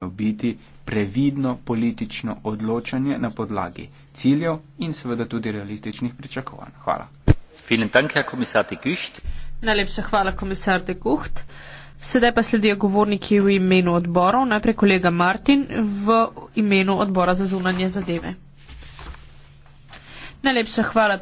biti previdno politično odločanje na podlagi ciljev in seveda tudi realističnih pričakovanj. Hvala. Najlepša hvala, komisar de Gucht. Sedaj pa sledijo govorniki v imenu odborov. Najprej kolega Martin v imenu odbora za zunanje zadeve. Najlepša hvala.